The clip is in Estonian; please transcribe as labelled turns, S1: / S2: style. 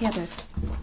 S1: head ööd!